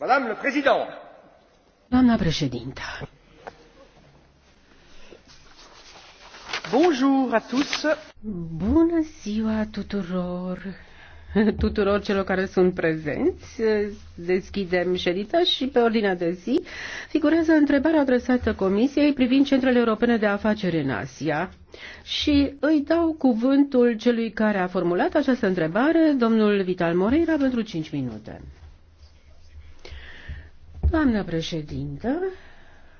Madame Président. Doamna președintă. Bonjour à tous. Bună ziua tuturor tuturor celor care sunt prezenți. Deschidem ședința și pe ordinea de zi figurează întrebarea adresată Comisiei privind centrele europene de afaceri în Asia. Și îi dau cuvântul celui care a formulat această întrebare, domnul Vital Moreira, pentru 5 minute. Doamnă președintă,